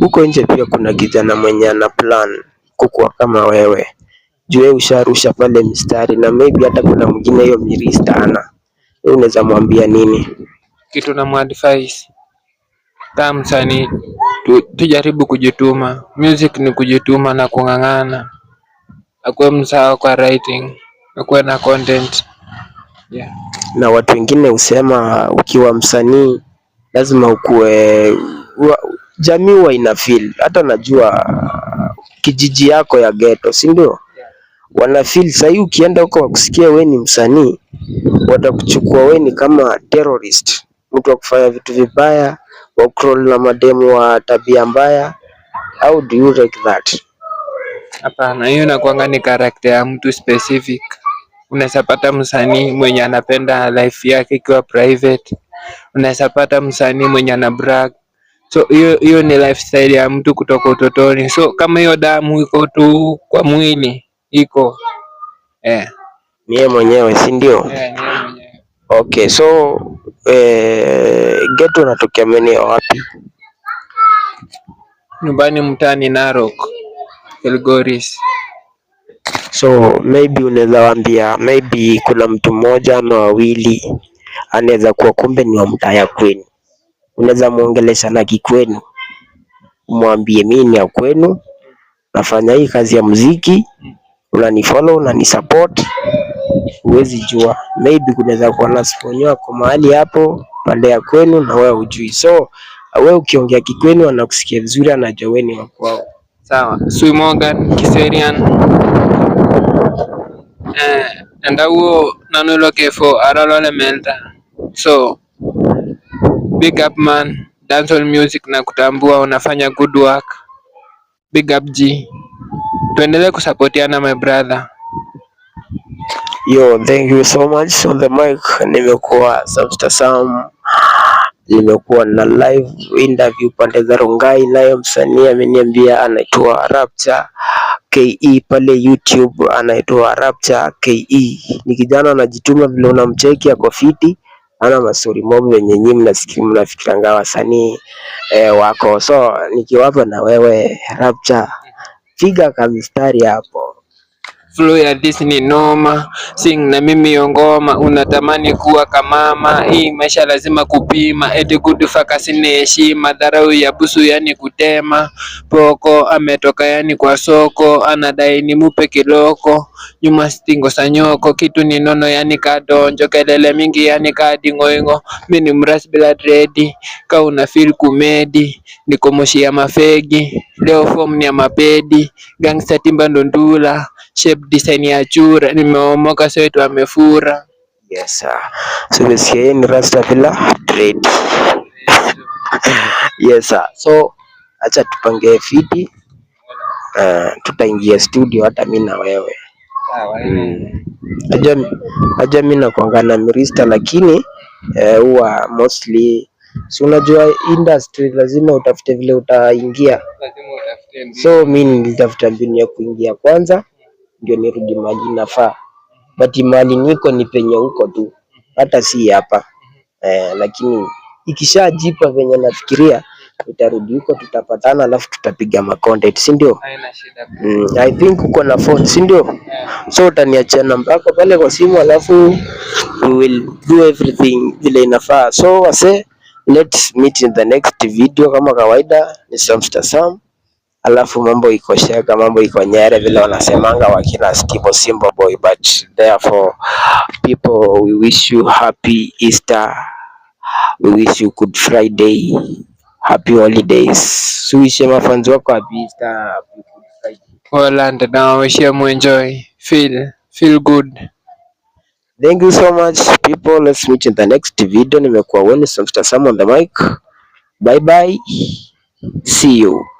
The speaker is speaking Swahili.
Huko nje pia kuna kijana mwenye ana plan kukuwa kama wewe. Juu wewe usharusha pale mstari na maybe hata kuna mwingine hiyo mirista ana. Wewe unaweza mwambia nini? Kitu na muadvise kama msanii tu, tujaribu kujituma. Music ni kujituma na kung'ang'ana. Akuwe msawa kwa writing, akuwe na content. Yeah. Na watu wengine husema ukiwa msanii lazima ukuwe jamii huwa inafeel hata najua kijiji yako ya ghetto, si ndio? Wanafeel sahii ukienda huko wakusikia wewe ni msanii, watakuchukua wewe ni kama terrorist, mtu wa kufanya vitu vibaya, wa crawl na mademu wa tabia mbaya. How do you like that? Hapana, hiyo inakuanga ni karakta ya mtu specific. Unaweza pata msanii mwenye anapenda life yake ikiwa private, unaweza pata msanii mwenye ana brag So hiyo hiyo ni lifestyle ya mtu kutoka utotoni. So kama hiyo damu iko tu kwa mwili iko eh, ni mwenyewe si ndio? Eh, Okay, so eh, geto unatokea maeneo wapi? Nyumbani mtaani Narok, Elgoris. So maybe unaweza waambia maybe kuna mtu mmoja ama wawili anaweza kuwa kumbe ni wa mtaa ya kwenu Unaweza muongelesha na kikwenu, umwambie mimi ni ya kwenu, nafanya hii kazi ya muziki, unanifollow, unanisupport. Huwezi jua, maybe kunaweza kuwa na spawn kwa mahali hapo pande ya kwenu na wewe ujui, so wewe ukiongea kikwenu anakusikia vizuri, anajua wewe ni wa kwao. Sawa. Sui Morgan Kiserian eh, endauo nanulokefo aralole melta so Big up man, dancehall music na kutambua unafanya good work. Big up G. Tuendelee kusapotiana my brother. Yo, thank you so much on the mic. Nimekuwa Samsta Sam, nimekuwa na live interview pande za Rongai, naye msanii ameniambia anaitwa Rapture KE pale YouTube, anaitwa Rapture KE. Ni kijana anajituma, vile unamcheki ako fiti ana masuri mobu wenye nyinyi mnasikia ngawa wasanii e, wako so nikiwapa na wewe Rapture, piga kamistari hapo. Flow ya this ni noma, sing na mimi yongoma, unatamani kuwa kamama. Hii maisha lazima kupima, eti good faka sina heshima, dharau ya busu yani kutema. Poko ametoka yani kwa soko, anadai ni mupe kiloko, nyuma stingo sanyoko, kitu ni nono yani kadonjo, kelele mingi yani kadi ngoingo. Mimi ni mras bila dredi, ka una feel kumedi, niko moshi ya mafegi, leo form ni ya mapedi, gangsta timba ndondula shape design ya chura, nimeomoka sweat amefura. Yes sir. So this here ni rasta bila dread. Yes sir. So acha tupange fiti. Uh, tutaingia studio hata mimi na wewe. Sawa. Mm. Aje aja mimi na kuangana mirista lakini eh, huwa uh, mostly si unajua industry lazima utafute vile utaingia, lazima utafute so mimi nilitafuta mbinu ya kuingia kwanza ndio nirudi mahali nafaa. But mahali niko ni penye huko tu, hata si hapa eh, lakini ikishajipa venye nafikiria nitarudi huko, tutapatana alafu tutapiga makonde, si ndio? Mm, I think uko na phone, si ndio? So utaniachia namba yako pale kwa simu, alafu we will do everything vile inafaa. So wase, let's meet in the next video kama kawaida. Ni Samstar Sam. Alafu mambo iko Shega, mambo iko Nyere, vile wanasemanga wakina Skibo Simbo Boy. But therefore people, we wish you happy Easter, we wish you good Friday, happy holidays. Uwishe mafanzi wako happy Easter, happy good Friday. Poland na wishie mu enjoy, feel feel good. Thank you so much people, let's meet in the next video. Nimekuwa Wenu Mr. Sam on the mic. Bye bye. See you.